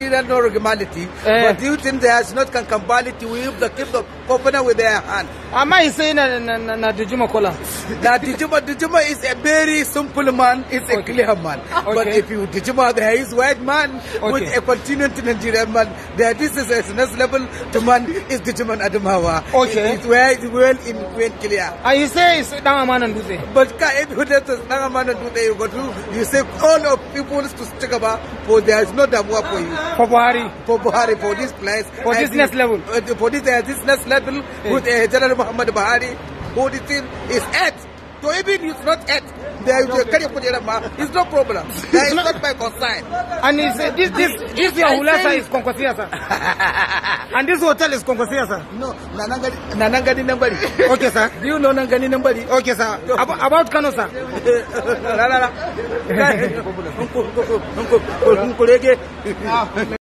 There no regularity, eh. but think to there's not can it we keep the governor with their hand. Am I saying that na, na, na Dujuma Kola. na Dujuma, Dujuma is a very simple man, is a clear man. Okay. But if you Dujuma, there is white man okay. with a continental Nigerian man. There, this is a next level to man is Dujuma Adamawa. Okay. It is where it well in well clear. And you say it's Dangaman and Duse. But if you say Dangaman and Duse, you go to, you say all of people to stick about, for there is no Damwa for you. For Buhari. For Buhari, for this place. For this next level. Uh, for this, uh, this next level with a uh, general Muhammadu Buhari thing is at. So even it's not at, there is a carry kujera ma. It's no problem. That is not my concern. And it's, uh, this this this your hulasa is konkosia And this hotel is konkosia sir. No, nanangani nanangani nambari. Okay sir. Do you know nangani nambari? Okay sir. About, about Kano sir. La la la. Unko unko unko unko